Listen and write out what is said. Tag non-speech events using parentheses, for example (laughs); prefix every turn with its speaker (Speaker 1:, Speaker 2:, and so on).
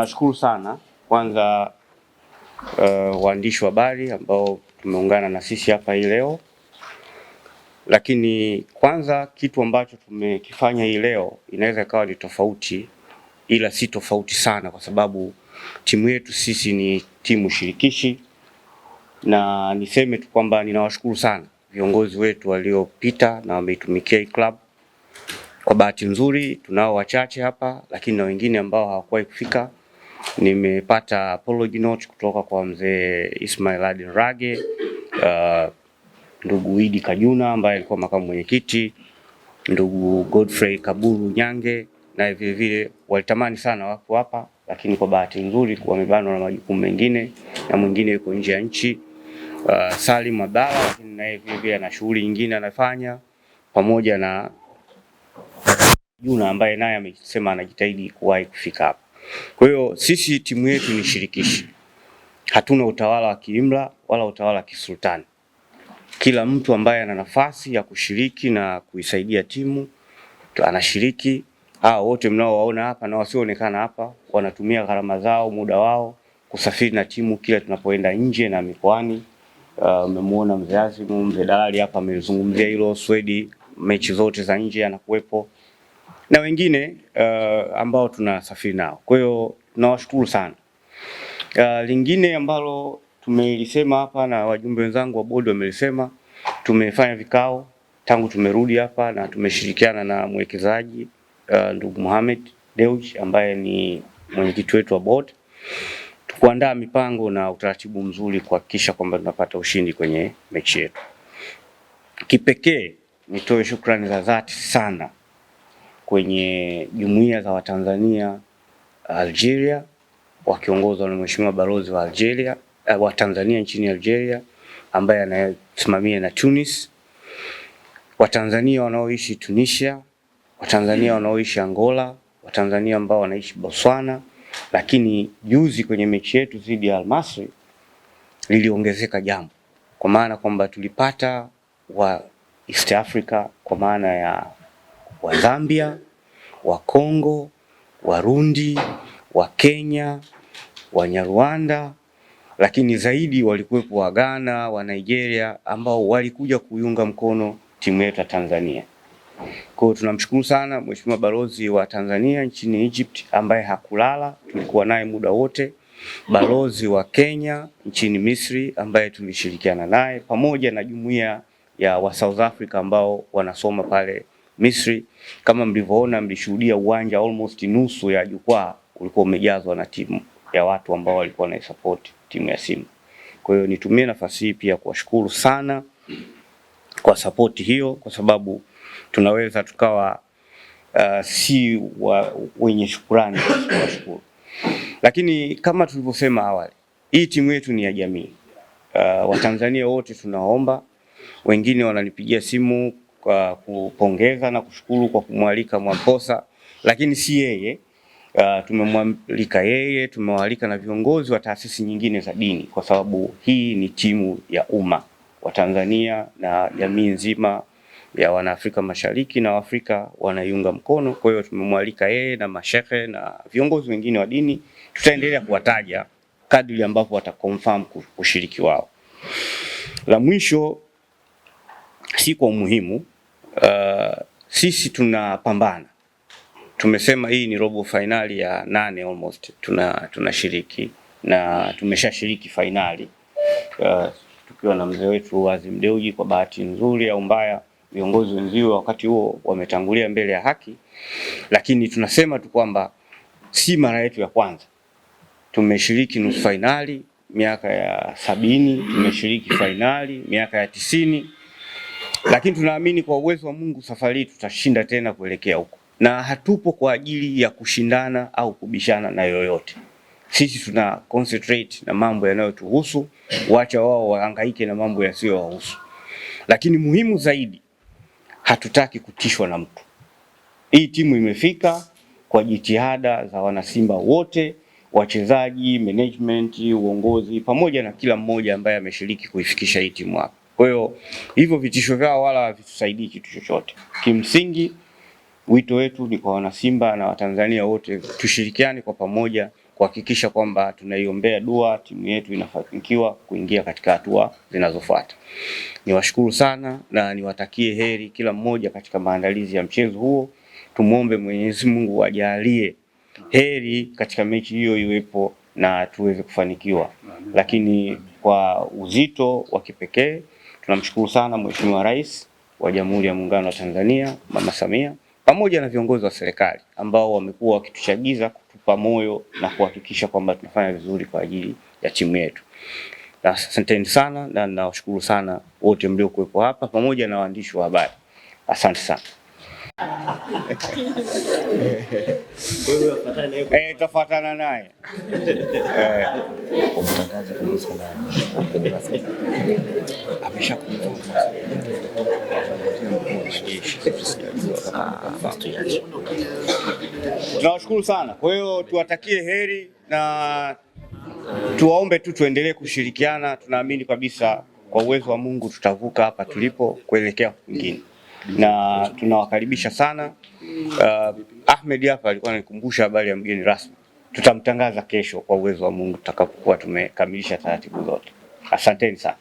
Speaker 1: nashukuru sana kwanza uh, waandishi wa habari ambao tumeungana na sisi hapa hii leo, lakini kwanza kitu ambacho tumekifanya hii leo inaweza ikawa ni tofauti, ila si tofauti sana, kwa sababu timu yetu sisi ni timu shirikishi, na niseme tu kwamba ninawashukuru sana viongozi wetu waliopita na wameitumikia hii club. Kwa bahati nzuri tunao wachache hapa, lakini na wengine ambao hawakuwahi kufika Nimepata apology note kutoka kwa mzee Ismail Adin Rage, uh, ndugu Idi Kajuna ambaye alikuwa makamu mwenyekiti, ndugu Godfrey Kaburu Nyange naye vilevile walitamani sana wako hapa, lakini kwa bahati nzuri wamebanwa na majukumu mengine na mwingine yuko nje ya nchi. Uh, Salim Abdalla lakini naye vile ana shughuli nyingine anafanya pamoja na Juna ambaye naye amesema anajitahidi kuwahi kufika hapa. Kwa hiyo sisi timu yetu ni shirikishi, hatuna utawala wa kiimla wala utawala wa kisultani. Kila mtu ambaye ana nafasi ya kushiriki na kuisaidia timu anashiriki. Hawa wote mnaowaona hapa na wasioonekana hapa wanatumia gharama zao, muda wao kusafiri na timu kila tunapoenda nje na mikoani. Umemuona uh, mzee Azimu, mzee Dalali hapa amezungumzia hilo. Swedi mechi zote za nje anakuwepo na wengine uh, ambao tunasafiri nao. Kwa hiyo nawashukuru sana. Uh, lingine ambalo tumelisema hapa na wajumbe wenzangu wa bodi wamelisema, tumefanya vikao tangu tumerudi hapa na tumeshirikiana na mwekezaji uh, ndugu Mohamed Dewji ambaye ni mwenyekiti wetu wa bodi kuandaa mipango na utaratibu mzuri kuhakikisha kwamba tunapata ushindi kwenye mechi yetu. Kipekee nitoe shukrani za dhati sana kwenye jumuiya za Watanzania Algeria, wakiongozwa na Mheshimiwa balozi wa Algeria eh, wa Tanzania nchini Algeria ambaye anasimamia na Tunis, Watanzania wanaoishi Tunisia, Watanzania wanaoishi Angola, Watanzania ambao wanaishi Botswana. Lakini juzi kwenye mechi yetu dhidi ya Almasri liliongezeka jambo, kwa maana kwamba tulipata wa East Africa kwa maana ya wa Zambia, wa Kongo, Warundi, wa Kenya, Wanyarwanda, lakini zaidi walikuwepo wa Ghana, wa Nigeria ambao walikuja kuiunga mkono timu yetu ya Tanzania. Kwa hiyo tunamshukuru sana Mheshimiwa Balozi wa Tanzania nchini Egypt ambaye hakulala, tulikuwa naye muda wote. Balozi wa Kenya nchini Misri ambaye tulishirikiana naye pamoja na jumuiya ya wa South Africa ambao wanasoma pale Misri. Kama mlivyoona, mlishuhudia uwanja almost nusu ya jukwaa ulikuwa umejazwa na timu ya watu ambao walikuwa support timu ya Simba. Kwa hiyo nitumie nafasi hii pia kuwashukuru sana kwa sapoti hiyo, kwa sababu tunaweza tukawa uh, si wa, wenye shukurani (coughs) kuwashukuru, lakini kama tulivyosema awali, hii timu yetu ni ya jamii. Uh, Watanzania wote tunaomba, wengine wananipigia simu kwa kupongeza na kushukuru kwa kumwalika Mwamposa, lakini si yeye Uh, tumemwalika yeye, tumewalika na viongozi wa taasisi nyingine za dini, kwa sababu hii ni timu ya umma wa Tanzania na jamii nzima ya Wanaafrika Mashariki na Waafrika wanaiunga mkono. Kwa hiyo tumemwalika yeye na mashehe na viongozi wengine wa dini, tutaendelea kuwataja kadri ambapo watakonfirm ushiriki wao. La mwisho si kwa umuhimu Uh, sisi tunapambana, tumesema hii ni robo fainali ya nane almost tuna tunashiriki na tumeshashiriki fainali uh, tukiwa na mzee wetu Azim Deuji. Kwa bahati nzuri au mbaya, viongozi wenziwe wakati huo wametangulia mbele ya haki, lakini tunasema tu kwamba si mara yetu ya kwanza. Tumeshiriki nusu fainali miaka ya sabini, tumeshiriki fainali miaka ya tisini lakini tunaamini kwa uwezo wa Mungu safari hii tutashinda tena kuelekea huko, na hatupo kwa ajili ya kushindana au kubishana na yoyote. Sisi tuna concentrate na mambo yanayotuhusu, wacha wao wahangaike na mambo yasiyowahusu. Lakini muhimu zaidi, hatutaki kutishwa na mtu. Hii timu imefika kwa jitihada za wanasimba wote, wachezaji, management, uongozi pamoja na kila mmoja ambaye ameshiriki kuifikisha hii timu hapa. Kwa hiyo hivyo vitisho vyao wala havitusaidii kitu chochote. Kimsingi, wito wetu ni kwa wanasimba na Watanzania wote tushirikiane kwa pamoja kuhakikisha kwamba tunaiombea dua timu yetu inafanikiwa kuingia katika hatua zinazofuata. Niwashukuru sana na niwatakie heri kila mmoja katika maandalizi ya mchezo huo. Tumwombe Mwenyezi Mungu ajalie heri katika mechi hiyo iwepo na tuweze kufanikiwa, lakini kwa uzito wa kipekee Tunamshukuru sana Mheshimiwa Rais wa Jamhuri ya Muungano wa Tanzania Mama Samia pamoja na viongozi wa serikali ambao wamekuwa wakituchagiza kutupa moyo na kuhakikisha kwamba tunafanya vizuri kwa ajili ya timu yetu. Asanteni sana na nawashukuru sana wote mliokuwepo hapa pamoja na waandishi wa habari. Asante sana. (laughs) Eh, tafuatana naye eh. Eh. Tunawashukuru sana. Kwa hiyo tuwatakie heri na tuwaombe tu tuendelee kushirikiana. Tunaamini kabisa kwa uwezo wa Mungu tutavuka hapa tulipo kuelekea kwingine, na tunawakaribisha sana. Uh, Ahmed hapa alikuwa ananikumbusha habari ya mgeni rasmi, tutamtangaza kesho kwa uwezo wa Mungu tutakapokuwa tumekamilisha taratibu zote. Asanteni sana.